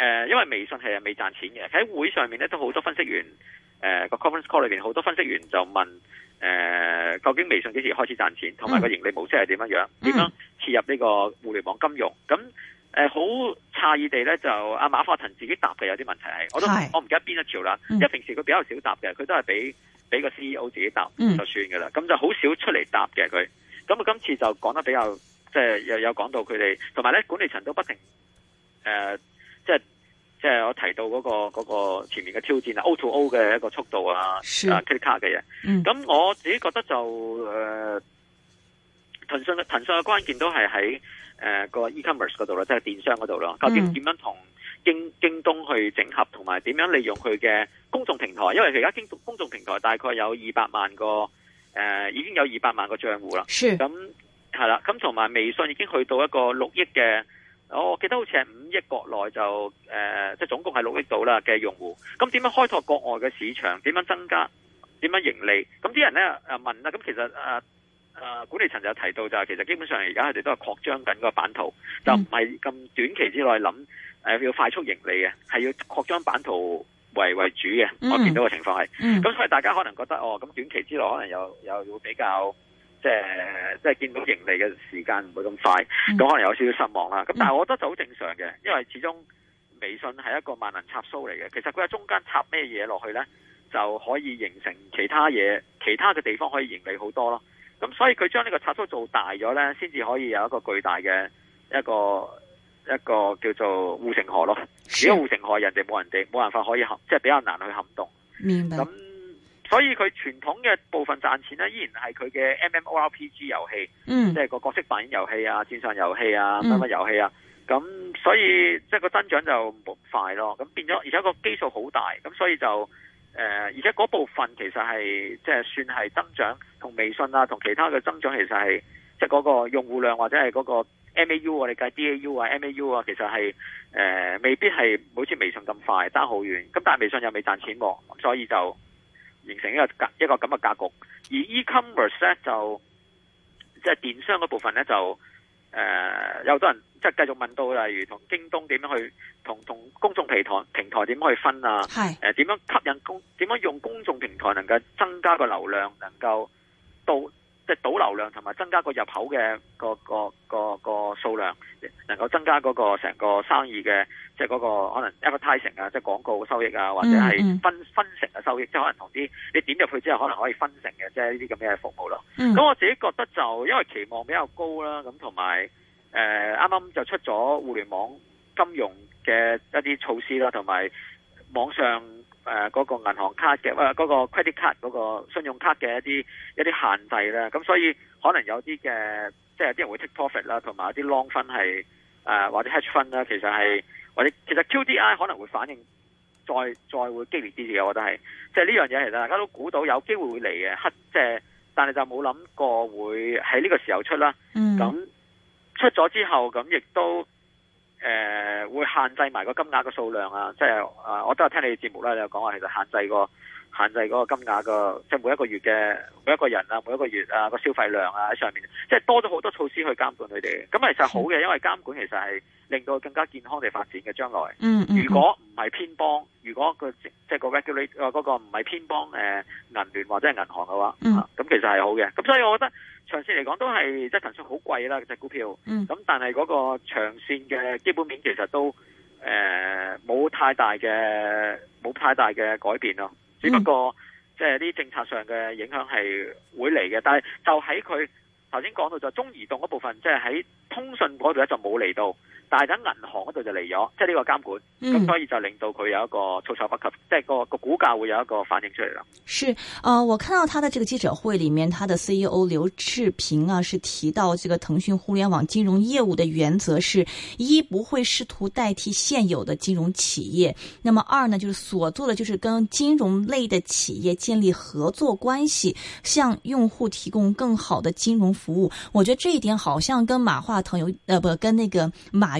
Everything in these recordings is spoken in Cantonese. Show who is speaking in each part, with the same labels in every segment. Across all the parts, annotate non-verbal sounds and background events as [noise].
Speaker 1: 誒、呃，因為微信係未賺錢嘅，喺會上面咧都好多分析員，誒、呃、個 conference call 裏邊好多分析員就問，誒、呃、究竟微信幾時開始賺錢，同埋個盈利模式係點樣樣，
Speaker 2: 點樣
Speaker 1: 切入呢個互聯網金融？咁誒好詫異地咧，就阿、啊、馬化騰自己答嘅有啲問題係，我都是我唔記得邊一條啦，嗯、因為平時佢比較少答嘅，佢都係俾俾個 C E O 自己答就算噶啦，咁、嗯、就好少出嚟答嘅佢，咁佢今次就講得比較，即係又有講到佢哋，同埋咧管理層都不停誒。呃即係即係我提到嗰、嗰個、嗰個前面嘅挑戰 O to O 嘅一個速度是啊，啊，credit card 嘅嘢。咁、嗯、我自己覺得就誒，騰訊嘅騰訊嘅關鍵都係喺誒個 e-commerce 嗰度啦，即係電商嗰度啦。究竟點樣同京京東去整合，同埋點樣利用佢嘅公眾平台？因為而家京公眾平台大概有二百萬個誒、呃，已經有二百萬個賬戶啦。是咁係啦，咁同埋微信已經去到一個六億嘅。我記得好似係五億國內就誒，即、呃、係總共係六億到啦嘅用戶。咁點樣開拓國外嘅市場？點樣增加？點樣盈利？咁啲人咧誒問啦。咁其實誒誒，管理層就提到就係、是、其實基本上而家佢哋都係擴張緊個版圖，就唔係咁短期之內諗誒、呃、要快速盈利嘅，係要擴張版圖為為主嘅。我見到個情況係，咁所以大家可能覺得哦，咁短期之內可能有有會比較。即係即係見到盈利嘅時間唔會咁快，咁、嗯、可能有少少失望啦。咁、嗯、但係我覺得就好正常嘅，因為始終微信係一個萬能插蘇嚟嘅。其實佢喺中間插咩嘢落去呢，就可以形成其他嘢，其他嘅地方可以盈利好多咯。咁所以佢將呢個插蘇做大咗呢，先至可以有一個巨大嘅一個一個叫做護城河咯。如果護城河人哋冇人哋冇辦法可以即係、就是、比較難去撼動。
Speaker 2: 明白。
Speaker 1: 所以佢傳統嘅部分賺錢咧，依然係佢嘅 MMORPG 遊戲，嗯、即係個角色扮演遊戲啊、線上遊戲啊、乜乜遊戲啊。咁、嗯嗯、所以即係個增長就唔快咯。咁變咗，而且個基數好大，咁所以就誒、呃，而且嗰部分其實係即係算係增長，同微信啊、同其他嘅增長其實係即係嗰個用戶量或者係嗰個 M A U，我哋計 D A U 啊、M A U 啊，其實係、呃、未必係好似微信咁快，爭好遠。咁但係微信又未賺錢喎、啊，所以就。形成一個一個咁嘅格局，而 e-commerce 咧就即係、就是、電商嗰部分咧就誒、呃、有好多人即係、就是、繼續問到，例如同京東點樣去同同公眾平台平台點樣去分啊？係誒點樣吸引公點樣用公眾平台能夠增加個流量，能夠到。即係導流量同埋增加個入口嘅個個個個數量，能夠增加嗰個成個生意嘅，即係嗰個可能 advertisement 啊，即係廣告嘅收益啊，或者係分分成嘅收益，即係、mm hmm. 可能同啲你點入去之後可能可以分成嘅，即係呢啲咁嘅服務咯、啊。咁、mm hmm. 我自己覺得就因為期望比較高啦，咁同埋誒啱啱就出咗互聯網金融嘅一啲措施啦，同埋網上。誒嗰、呃那個銀行卡嘅，嗰、呃那個 credit card 嗰個信用卡嘅一啲一啲限制啦，咁所以可能有啲嘅，即係有啲人會 take profit 啦，同埋有啲 long 分係、呃、或者 hedge fund 啦，其實係或者其實 QDI 可能會反應再再會激烈啲嘅，我覺得係，即係呢樣嘢其實大家都估到有機會會嚟嘅，黑即係，但係就冇諗過會喺呢個時候出啦。咁、嗯、出咗之後，咁亦都。誒、呃，會限制埋個金額嘅數量啊，即係誒，我都有聽你節目啦，你又講話其實限制個限制嗰個金額嘅，即係每一個月嘅每一個人啊，每一個月啊個消費量啊喺上面，即係多咗好多措施去監管佢哋。咁其實好嘅，因為監管其實係令到更加健康地發展嘅將來。嗯，如果唔係偏幫，如果個即係個 regulate 嗰個唔係偏幫誒銀聯或者係銀行嘅話，
Speaker 2: 咁其實係好嘅。咁
Speaker 1: 所以我覺得。長線嚟講都係即係騰訊好貴啦，嗰隻股票。嗯。咁但係嗰個長線嘅基本面其實都誒冇、呃、太大嘅冇太大嘅改變咯。嗯。只不過即係啲政策上嘅影響係會嚟嘅，但係就喺佢頭先講到就中移動嗰部分，即係喺通訊嗰度咧就冇嚟到。但係喺銀行嗰度就嚟咗，即係呢個監管，咁、嗯、所以就令到佢有一個措手不及，即係個個股價會有一個反應出嚟啦。
Speaker 3: 是，呃，我看到他的這個記者會裡面，他的 CEO 劉志平啊，是提到這個騰訊互聯網金融業務的原則是一不會試圖代替現有的金融企業，那麼二呢，就是所做的就是跟金融類的企業建立合作關係，向用戶提供更好的金融服務。我覺得這一點好像跟馬化騰有，呃，不跟那個馬。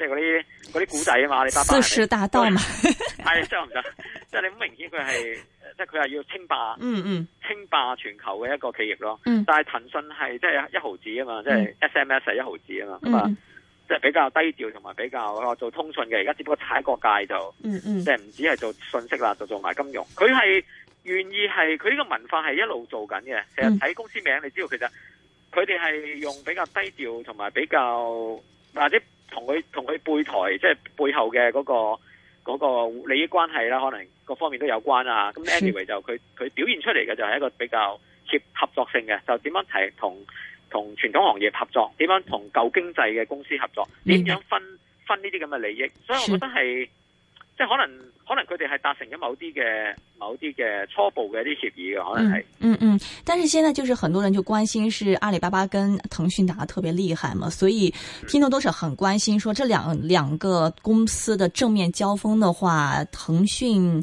Speaker 1: 即係嗰啲啲古仔啊嘛，阿里巴巴四十大盜嘛，係上唔上？即係你好明顯佢係，即係佢係要稱霸，嗯嗯，稱霸全球嘅一個企業咯。嗯、但係騰訊係即係一毫子啊嘛，即、就、係、是、S M S 係一毫子啊嘛，咁啊、嗯，即
Speaker 2: 係、
Speaker 1: 就是、比較低調同埋比較做通訊嘅。而家只不過踩過界就，即係唔止係做信息啦，就做埋金融。佢係願意係佢呢個文化係一路做緊嘅。其實睇公司名，你知道其實佢哋係用比較低調同埋比較或者。同佢同佢背台即係，背後嘅嗰個嗰個利益關係啦，可能各方面都有關啊。咁 anyway 就，佢佢表現出嚟嘅就係一個比較協合作性嘅，就點樣提同同傳統行業合作，點樣同舊經濟嘅公司合作，點樣分分呢啲咁嘅利益。所以我覺得係。即係可能，可能佢哋係達成咗某啲嘅某啲嘅初步嘅一啲協議嘅，可
Speaker 3: 能係、嗯。嗯嗯，但是現在就是很多人就關心，是阿里巴巴跟騰訊打得特別厲害嘛，所以聽眾多少很關心，說這兩兩個公司的正面交鋒的話，騰訊。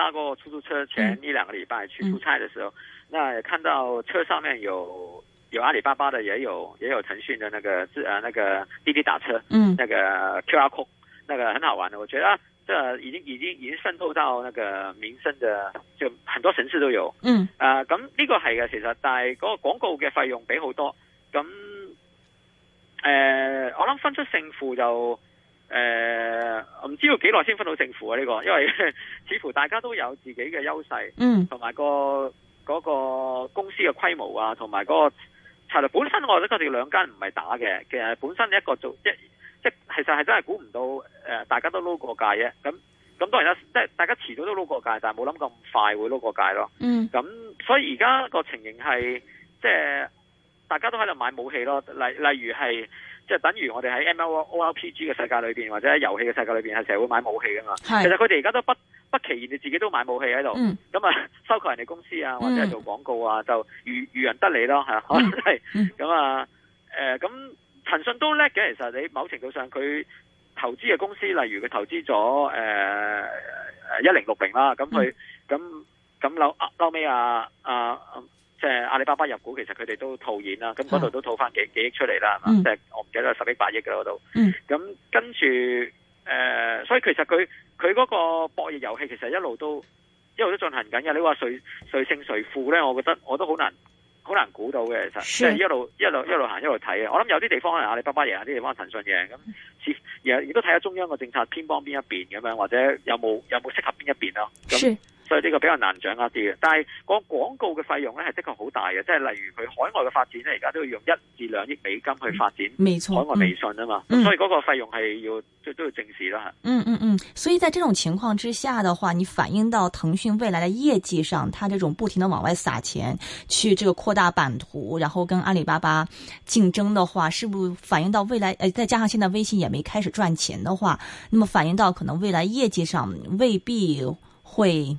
Speaker 1: 搭過出租車前一兩個禮拜去出差的時候，那看到車上面有有阿里巴巴的，也有也有騰訊的那個自啊、呃、那個滴滴打車，嗯，那個 QR code，那個很好玩的，我覺得、啊、這已經已經已經滲透到那個民生的，就很多城市都有，嗯、呃，啊咁呢個係嘅其實，但係個廣告嘅費用比好多，咁誒、呃、我諗分出勝負就。誒，唔、呃、知要幾耐先分到勝負啊？呢個，因為呵呵似乎大家都有自己嘅優勢，嗯、那個，同埋個個公司嘅規模啊，同埋嗰個策略本身我覺得佢哋兩間唔係打嘅，其實本身一個做一即係，其實係真係估唔到誒、呃，大家都撈過界啫。咁咁當然啦，即係大家遲早都撈過界，但係冇諗咁快會撈過界咯。嗯，咁所以而家個情形係即係大家都喺度買武器咯，例例如係。即係等於我哋喺 M L O P G 嘅世界裏邊，或者喺遊戲嘅世界裏邊，係成日會買武器噶嘛。其實佢哋而家都不不期然你自己都買武器喺度。咁啊，收購人哋公司啊，或者係做廣告啊，就如如人得利咯，係可能係咁啊，誒、嗯嗯嗯，咁騰訊都叻嘅。其實你某程度上佢投資嘅公司，例如佢投資咗誒一零六零啦，咁佢咁咁後後尾啊啊。呃即係阿里巴巴入股，其實佢哋都套現啦，咁嗰度都套翻幾、啊、幾億出嚟啦，係嘛、嗯？即係我唔記得十億、八億嘅嗰度。咁跟住誒，所以其實佢佢嗰個博弈遊戲其實一路都一路都進行緊嘅。你話誰誰勝誰負咧？我覺得我都好難好難估到嘅，其實即係一路一路一路行一路睇啊。我諗有啲地方係阿里巴巴贏，有啲地方係騰訊贏咁，似亦亦都睇下中央嘅政策偏幫邊一邊咁樣，或者有冇有冇適合邊一邊咯？是。所以呢個比較難掌握啲嘅，但係個廣告嘅費用咧係的確好大嘅，即係例如佢海外嘅發展咧，而家都要用一至兩億美金去發展海外微信啊嘛，咁、嗯、所以嗰個費用係要、嗯、都要正視啦。
Speaker 3: 嗯嗯嗯，所以在這種情況之下的話，你反映到騰訊未來嘅業績上，它這種不停的往外撒錢去這個擴大版圖，然後跟阿里巴巴競爭的話，是不是反映到未來誒？再加上現在微信也沒開始賺錢的話，那麼反映到可能未來業績上未必會。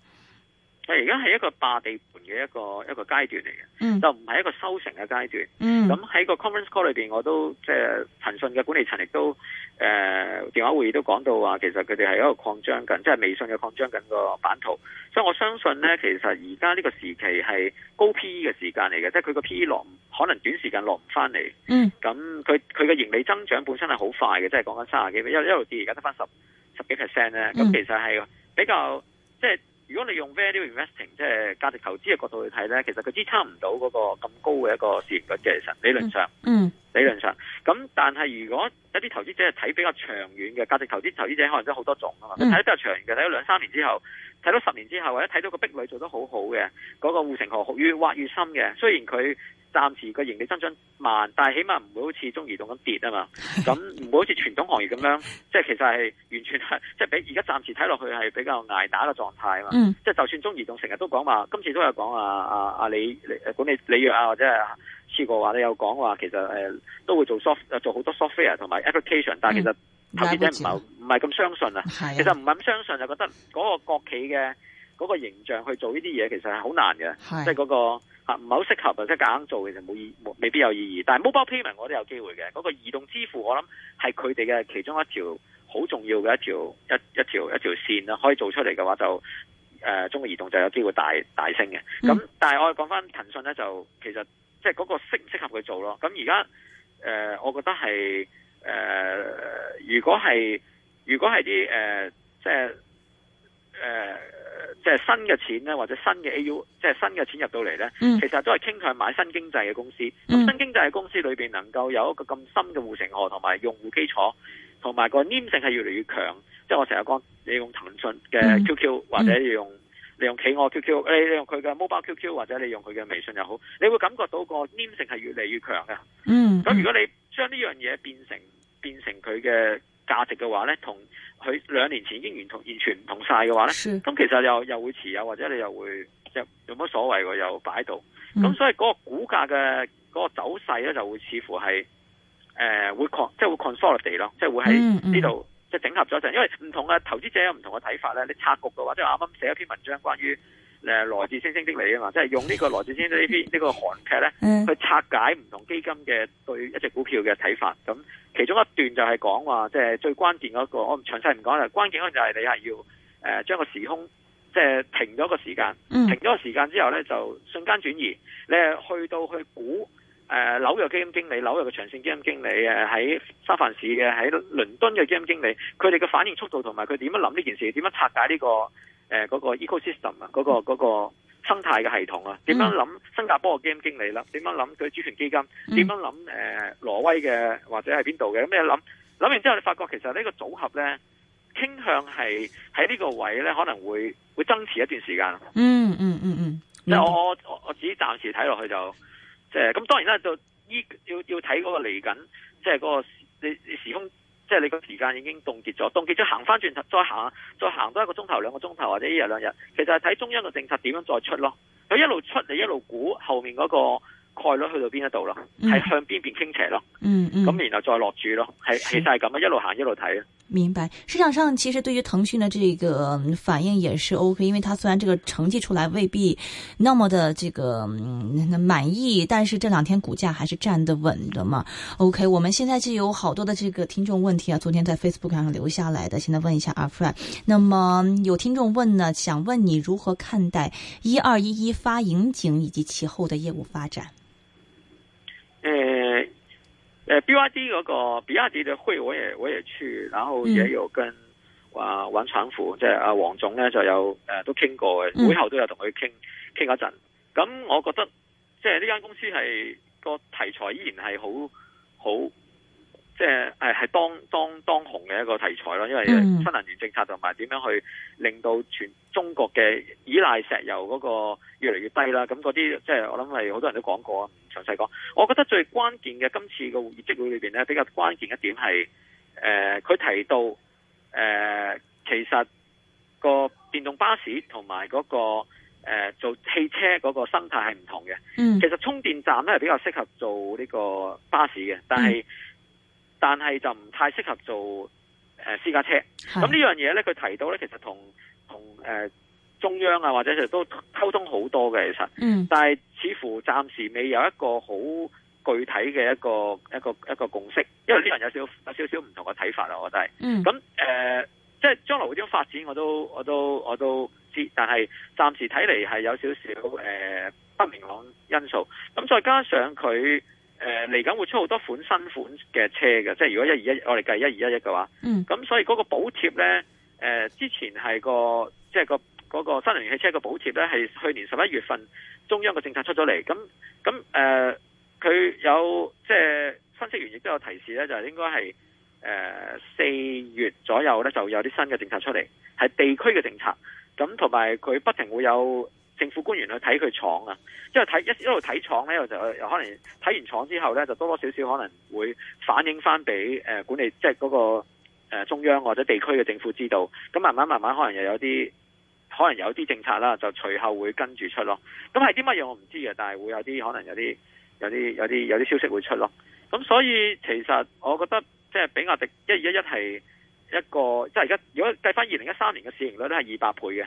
Speaker 1: 誒，而家係一個霸地盤嘅一個一個階段嚟嘅，嗯、就唔係一個收成嘅階段。咁喺、嗯、個 conference call 裏邊，我都即係騰訊嘅管理層亦都誒、呃、電話會議都講到話，其實佢哋係一個擴張緊，即、就、係、是、微信嘅擴張緊個版圖。所以我相信呢，其實而家呢個時期係高 PE 嘅時間嚟嘅，即係佢個 PE 落，可能短時間落唔翻嚟。咁佢佢嘅盈利增長本身係好快嘅，即係講緊三十幾倍，一一路跌而家得翻十十幾 percent 咧。咁、嗯、其實係比較即係。就是如果你用 value investing 即係價值投資嘅角度去睇咧，其實佢支撐唔到嗰個咁高嘅一個市盈率嘅，其實理論上。嗯嗯理論上，咁但係如果一啲投資者係睇比較長遠嘅價值投資投資者，可能都好多種啊嘛。睇、嗯、得比較長遠嘅，睇到兩三年之後，睇到十年之後，或者睇到個壁壘做得好好嘅，嗰、那個護城河越挖越深嘅。雖然佢暫時個盈利增長慢，但係起碼唔會好似中移動咁跌啊嘛。咁唔會好似傳統行業咁樣，即係其實係完全係即係比而家暫時睇落去係比較捱打嘅狀態啊嘛。即係、嗯、就算中移動成日都講話，今次都有講啊啊啊李，李管理李若啊或者似過話，你有講話其實誒、呃、都會做 soft，做好多 software 同埋 application，、嗯、但其實
Speaker 2: 投資者唔
Speaker 1: 係唔係咁相信啊。信的其實唔係咁相信的就覺得嗰個國企嘅嗰、那個形象去做呢啲嘢其實係好難嘅的、那個啊，即係嗰個唔係好適合或者夾硬做，其實冇意冇未必有意義。但係 mobile payment 我都有機會嘅，嗰、那個移動支付我諗係佢哋嘅其中一條好重要嘅一條一一條一條線啦，可以做出嚟嘅話就誒、呃、中國移動就有機會大大升嘅。咁、嗯、但係我哋講翻騰訊咧就其實。即係嗰個適唔適合佢做咯？咁而家誒我覺得係誒、呃、如果係如果係啲誒即係誒、呃、即係新嘅錢咧，或者新嘅 AU，即係新嘅錢入到嚟咧，其實都係傾向買新經濟嘅公司。咁新經濟嘅公司裏邊能夠有一個咁深嘅護城河同埋用戶基礎，同埋個黏性係越嚟越強。即係我成日講，你用騰訊嘅 QQ 或者要用。你用企鵝 QQ，你用佢嘅 mobile QQ 或者你用佢嘅微信又好，你會感覺到個黏性係越嚟越強嘅、嗯。嗯。
Speaker 2: 咁如果你
Speaker 1: 將呢樣嘢變成變成佢嘅價值嘅話咧，同佢兩年前已經完同完全唔同晒嘅話咧，咁是其實又又會持有或者你又會又有有乜所謂嘅又擺喺度。咁、嗯、所以嗰個股價嘅嗰個走勢咧就會似乎係誒、呃、會即係會 consolidate 咯，即係會喺呢度。嗯嗯即係整合咗就，因為唔同嘅投資者有唔同嘅睇法咧。你拆局嘅話，即係啱啱寫一篇文章關於誒來自星星的你啊嘛，即係用呢個來自星星的呢篇呢個韓劇咧去拆解唔同基金嘅對一隻股票嘅睇法。咁其中一段就係講話，即係最關鍵嗰個，我唔詳細唔講啦。關鍵嗰個就係你係要誒將個時空，即係停咗個時間，停咗個時間之後咧就瞬間轉移。你係去到去估。誒紐約基金經理，紐約嘅長線基金經理嘅喺三藩市嘅，喺倫敦嘅基金經理，佢哋嘅反應速度同埋佢點樣諗呢件事，點樣拆解呢、這個誒嗰、呃那個、ecosystem 啊、那個，嗰、那個生態嘅系統啊，點樣諗新加坡嘅基金經理啦，點、嗯、樣諗佢主權基金，點、嗯、樣諗誒、呃、挪威嘅或者係邊度嘅咁樣諗，諗完之後你發覺其實呢個組合咧傾向係喺呢個位咧可能會會增持一段時間。嗯嗯嗯嗯，嗯嗯嗯即係我我我自己暫時睇落去就。咁，當然啦，要睇嗰個嚟緊，即係嗰個時，你你時空，即係你個時間已經凍結咗，凍結咗行返轉頭，再行，再行多一個鐘頭、兩個鐘頭或者一日兩日，其實係睇中央個政策點樣再出囉，佢一路出嚟，一路估後面嗰個。蓋咯，去到邊一度咯，係、嗯、向邊邊傾斜咯、嗯，嗯嗯，咁然後再落注咯，係、嗯、其實係咁啊，嗯、一路行一路睇啊。
Speaker 3: 明白，市場上其實對於騰訊的這個反應也是 OK，因為它雖然這個成績出來未必那麼的這個、嗯、滿意，但是這兩天股價還是站得穩的嘛。OK，我們現在就有好多的這個聽眾問題啊，昨天在 Facebook 上留下來的，現在問一下阿 Frank。那麼有聽眾問呢，想問你如何看待一二一一發盈警以及其後的業務發展？
Speaker 1: 比亞迪嗰個比亞迪嘅會，我也我也去，然後也有跟啊王傳福，即係阿王總咧，就有誒、呃、都傾過嘅，會後都有同佢傾傾一陣。咁我覺得即係呢間公司係個題材依然係好好，即係誒係當當當紅嘅一個題材咯，因為新能源政策同埋點樣去令到全。中國嘅依賴石油嗰個越嚟越低啦，咁嗰啲即係我諗係好多人都講過啊，唔詳細講。我覺得最關鍵嘅今次個業績會裏面咧，比較關鍵一點係，佢、呃、提到，呃、其實個電動巴士同埋嗰個、呃、做汽車嗰個生態係唔同嘅。嗯、其實充電站咧係比較適合做呢個巴士嘅，但係、嗯、但係就唔太適合做私家車。咁是呢樣嘢咧，佢提到咧，其實同同誒、呃、中央啊，或者其實都溝通好多嘅，其實，嗯、但係似乎暫時未有一個好具體嘅一個一個一個共識，因為啲人有少有少少唔同嘅睇法啊，我覺得。咁誒、嗯呃，即係將來會點發展我都，我都我都我都知，但係暫時睇嚟係有少少誒不明朗因素。咁再加上佢誒嚟緊會出好多款新款嘅車嘅，即係如果一二一，我哋計一二一一嘅話，咁、嗯、所以嗰個補貼咧。誒、呃、之前係個即係個嗰、嗰個新能源汽車嘅補貼咧，係去年十一月份中央嘅政策出咗嚟。咁咁誒，佢、呃、有即係分析員亦都有提示咧，就係、應該係誒四月左右咧就有啲新嘅政策出嚟，係地區嘅政策。咁同埋佢不停會有政府官員去睇佢廠啊，因為睇一一路睇廠咧，就可能睇完廠之後咧，就多多少少可能會反映翻俾誒管理，即係嗰個。誒中央或者地區嘅政府知道，咁慢慢慢慢可能又有啲，可能有啲政策啦，就隨後會跟住出咯。咁係啲乜嘢我唔知嘅，但係會有啲可能有啲，有啲有啲有啲消息會出咯。咁所以其實我覺得即係比亞迪一二一一係一個即係而家如果計翻二零一三年嘅市盈率咧，係二百倍嘅，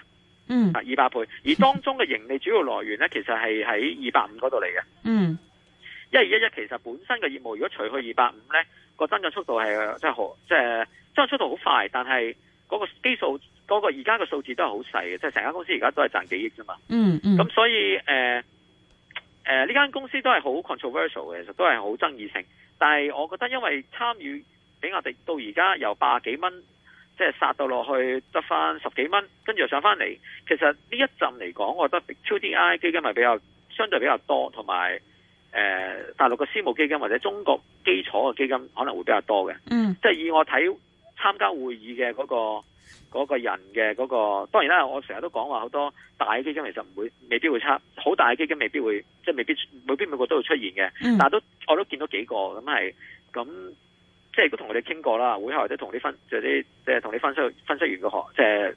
Speaker 2: 嗯，二
Speaker 1: 百倍，而當中嘅盈利主要來源咧其實係喺二百五嗰度嚟嘅，嗯，一二一一其實本身嘅業務如果除去二百五咧，個增長速度係即係好即係即係速度好快，但係嗰個基數，嗰、嗰個而家嘅數字都係好細嘅，即係成間公司而家都係賺幾億啫嘛、嗯。嗯嗯。咁所以誒誒，呢、呃、間、呃、公司都係好 controversial 嘅，其實都係好爭議性。但係我覺得因為參與比亞迪到而家由百啊幾蚊，即係殺到落去得翻十幾蚊，跟住又上翻嚟，其實呢一陣嚟講，我覺得 ETF 基金係比較相對比較多，同埋誒大陸嘅私募基金或者中國基礎嘅基金可能會比較多嘅。嗯。即係以我睇。參加會議嘅嗰個嗰個人嘅嗰個，當然啦，我成日都講話好多大基金其實唔會，未必會差。好大基金未必會，即係未必未必每個都會出現嘅。但係都我都見到幾個咁係，咁即係都同我哋傾過啦，會下或者同啲分即係啲即係同你分析分析員個行，即係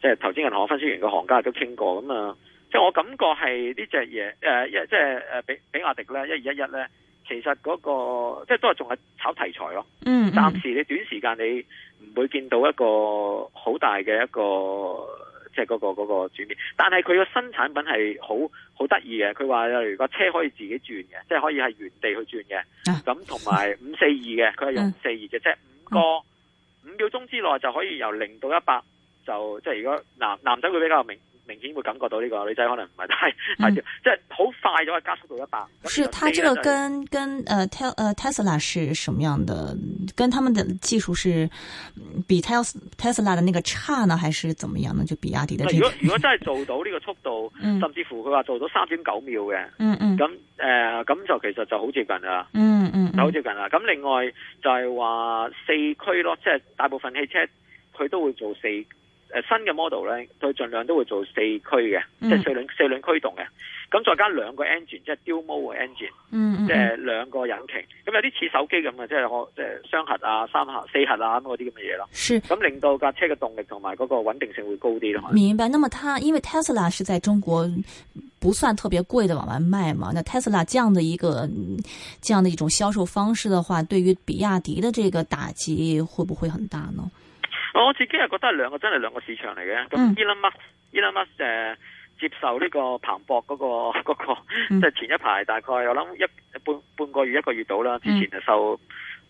Speaker 1: 即係投資銀行分析員個行家都傾過咁啊。即係我感覺係呢隻嘢，誒、呃、一即係誒比比亞迪咧，一二一一咧。其實嗰、那個即係都係仲係炒題材咯。嗯、mm，hmm. 暫時你短時間你唔會見到一個好大嘅一個即係嗰個嗰、那個轉變。但係佢個新產品係好好得意嘅。佢話例如個車可以自己轉嘅，即、就、係、是、可以係原地去轉嘅。咁同埋五四二嘅，佢係用四二嘅即係，五個五秒鐘之內就可以由零到一百，就即係如果男男仔會比較明。明顯會感覺到呢、這個女仔可能唔係太太，即係好快咗，加速度一百。是佢呢個跟
Speaker 3: 跟誒 Tesla、就是呃、是什麼樣的？跟他們的技術是比 Tesla Tesla、嗯、的那個差呢，還是怎麼樣呢？就比亞迪的、這個如。如
Speaker 1: 果如果真係做到呢個速度，嗯、甚至乎佢話做到三點九秒嘅，咁誒咁就其實就好接近啦，好、嗯嗯、接近啦。咁、嗯嗯、另外就係話四驅咯，即、就、係、是、大部分汽車佢都會做四。誒，新嘅 model 咧，佢盡量都會做四驅嘅，即、就、係、是、四輪、嗯、四輪驅動嘅，咁再加兩個 engine，即係 Dual Motor engine，即係、嗯、兩個引擎，咁、嗯、有啲似手機咁嘅，即係可即係雙核啊、三核、四核啊咁嗰啲咁嘅嘢咯。是。咁令到架車嘅動力同埋嗰個穩定性會高啲咯。明
Speaker 3: 白。那麼它，它因為 Tesla 是在中國不算特別貴的往外賣嘛，那 Tesla 這樣的一個這樣的一種銷售方式的話，對於比亞迪的這個打擊會不會很大呢？
Speaker 1: 我自己係覺得兩個真係兩個市場嚟嘅，咁、嗯 e、Musk, Elon Musk，Elon Musk 誒、呃、接受呢個彭博嗰、嗰個即係、嗰個即係、前一排大概我諗一半半個月一個月到啦，之前就受。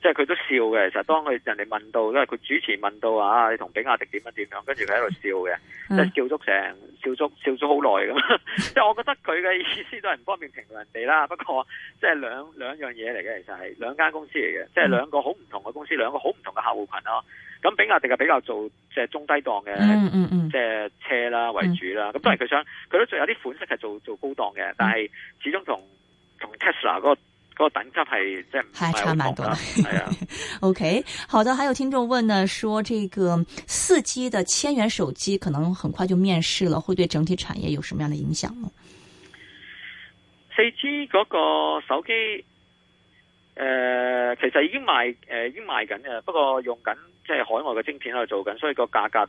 Speaker 1: 即係佢都笑嘅，其實當佢人哋問到，因為佢主持問到啊，你同比亞迪點樣點、啊、樣，跟住佢喺度笑嘅，即係笑足成笑足笑足好耐笑咗好耐咁。即係我覺得佢嘅意思都係唔方便評論人哋啦。不過即係兩兩樣嘢嚟嘅，其實係兩間公司嚟嘅，即係兩個好唔同嘅公司，兩個好唔同嘅客戶群咯。咁比亞迪係比較做即係中低檔嘅，即係、嗯嗯、車啦為主啦。咁當然佢想，佢都仲有啲款式係做做高檔嘅，但係始終同同 Tesla 嗰、那個個等級係即係唔係差唔多啦。係啊
Speaker 3: [laughs] ，OK，好的。還有聽眾問呢，說這個四 G 的千元手機可能很快就面世了，會對整體產業有什麼樣的影響呢？
Speaker 1: 四 G 嗰個手機，誒、呃，其實已經賣，誒、呃，已經賣緊嘅。不過用緊即係海外嘅晶片喺度做緊，所以個價格，誒、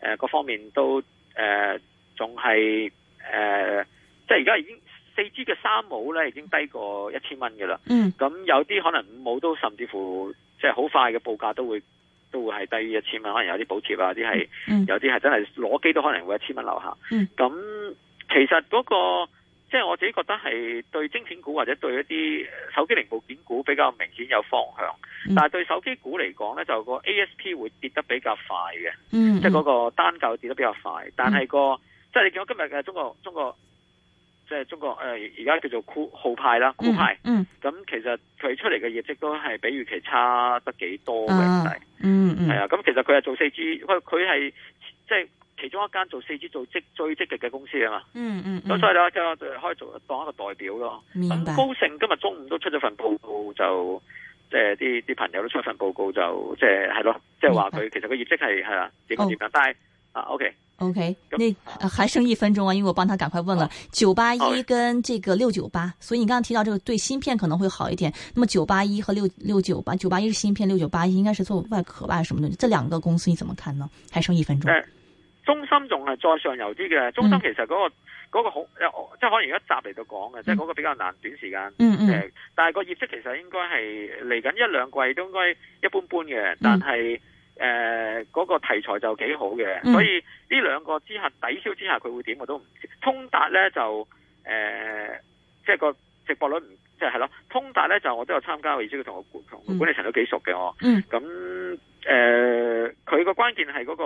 Speaker 1: 呃，各方面都，誒、呃，仲係，誒、呃，即係而家已經。未知嘅三毫咧，已經低過一千蚊嘅啦。嗯，咁有啲可能五毫都甚至乎，即係好快嘅報價都會都會係低於一千蚊。可能有啲補貼啊，啲係，有啲係、嗯、真係攞機都可能會一千蚊樓下。咁、嗯、其實嗰、那個即係、就是、我自己覺得係對晶片股或者對一啲手機零部件股比較明顯有方向，嗯、但係對手機股嚟講咧，就個 ASP 會跌得比較快嘅，即係嗰個單價跌得比較快。嗯、但係個即係、就是、你見到今日嘅中國中國。中國即係中國誒，而家叫做酷酷派啦，酷派。嗯，咁其實佢出嚟嘅業績都係比預期差得幾多嘅，係。嗯嗯。
Speaker 2: 係啊，
Speaker 1: 咁其實佢係做四 G，佢佢係即係其中一間做四 G 做最積極嘅公司啊嘛。嗯嗯。咁所以咧就可以做當一個代表咯。明白。高盛今日中午都出咗份報告，就即係啲啲朋友都出咗份報告，就即係係咯，即係話佢其實個業績係係啊點樣點樣，但係。啊，OK
Speaker 3: OK，那還剩一分鐘啊，因為我幫他趕快問了九八一跟這個六九八，所以你剛剛提到這個對芯片可能會好一點。那麼九八一和六六九八，九八一是芯片，六九八一應該是做外殼吧，還是什麼東西？這兩個公司你怎麼看呢？還剩一分鐘。
Speaker 1: 中心仲係在上游啲嘅，中心其實嗰、嗰個嗰、嗯、個好，即係可能一集嚟到講嘅，即係嗰個比較難，短時間，嗯
Speaker 2: 嗯，
Speaker 1: 呃、但係個業績其實應該係嚟緊一兩季都應該一般般嘅，但係。嗯誒，嗰、呃那個題材就幾好嘅，嗯、所以呢兩個之下抵消之下，佢會點我都唔知。通達呢就誒，即、呃、係、就是、個直播率唔即係係咯。通達呢，就我都有參加，而且我且佢同我同管理層都幾熟嘅，嗯、我。咁、嗯、誒，佢、呃、個關鍵係嗰個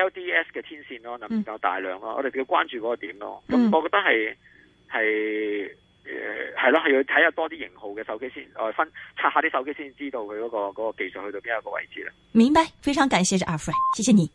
Speaker 1: LDS 嘅天線咯，能夠大量咯，嗯、我哋比較關注嗰個點咯。咁、嗯、我覺得係係。誒，係咯、呃，係要睇下多啲型號嘅手機先，誒、呃，分拆下啲手機先，知道佢嗰、那個嗰、那個技術去到邊一個位置啦。
Speaker 3: 明白，非常感謝阿 Frank，謝謝你。